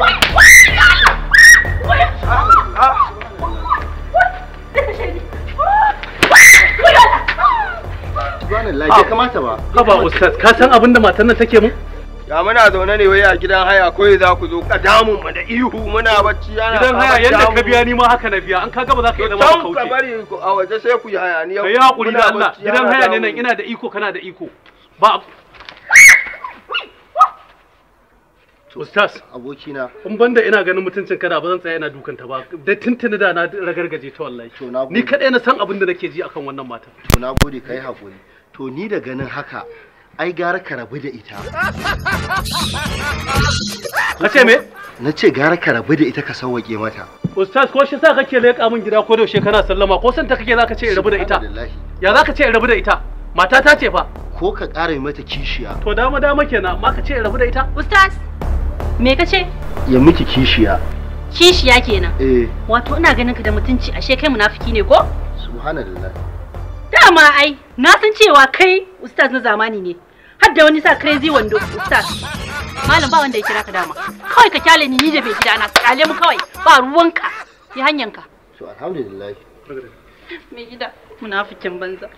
Subhanallah ba. ustaz ka san abin da matar nan take mu? Ya muna zaune ne wai a gidan haya za ku zo mu da ihu muna bacci Gidan haya yadda ka biya ni ma haka na biya an ka gaba za ka yi zama kauce. Ka bari a waje sai ku yi Kai hakuri da Allah gidan haya ne nan ina da iko kana da iko. Ba Ustaz, abokina. In banda ina ganin mutuncin kada ba zan tsaya ina dukan ta ba. Da tuntuni da na ragargaje ta wallahi. To na Ni kadai na san abin da nake ji akan wannan mata. To na gode kai hakuri. To ni da ganin haka ai gara ka rabu da ita. Na ce me? Na ce gara ka rabu da ita ka sauke mata. Ustaz ko shi sa kake leƙa min gida ko da yaushe kana sallama ko san ta kake zaka ce in rabu da ita? Ya zaka ce in rabu da ita? Mata ta ce fa. Ko ka ƙara mata kishiya. To dama dama kenan amma ka ce in rabu da ita? Ustaz Me kace? Ya miki kishiya. Kishiya kenan. Eh. Wato ina ganin ka da mutunci ashe kai munafiki ne ko? Subhanallah. Dama ai na san cewa kai ustaz na zamani ne. Har da wani sa crazy wando ustaz. Malam ba wanda ya kira ka dama. Kawai ka kyale ni ni da bai gida na kyale mu kawai ba ruwanka. Yi hanyanka. To alhamdulillah. Me gida. munafikin banza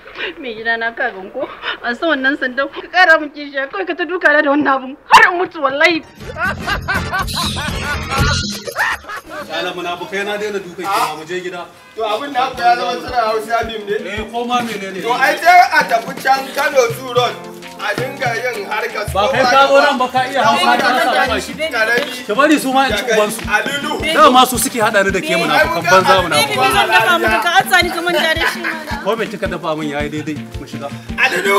mai gida na ka ko an san wannan sandan ka kara min kishi kai ka ta duka da wannan abun har in mutu wallahi Kala munafukai na daina dukan kima mu je gida. To abin da haka ya zama tsira Hausa bim ne? Eh ko ma menene? To ai sai a tafi can Kano Zoo Road a dinga yin harkar ba kai ka zo nan ba ka iya hausa da hausa shi ka bari su ma in ci gaban su dama su suke hada ni da ke munafikan banza ka ko me kika dafa min yayi daidai mu shiga aladu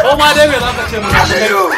ko ma dai me zaka ce mu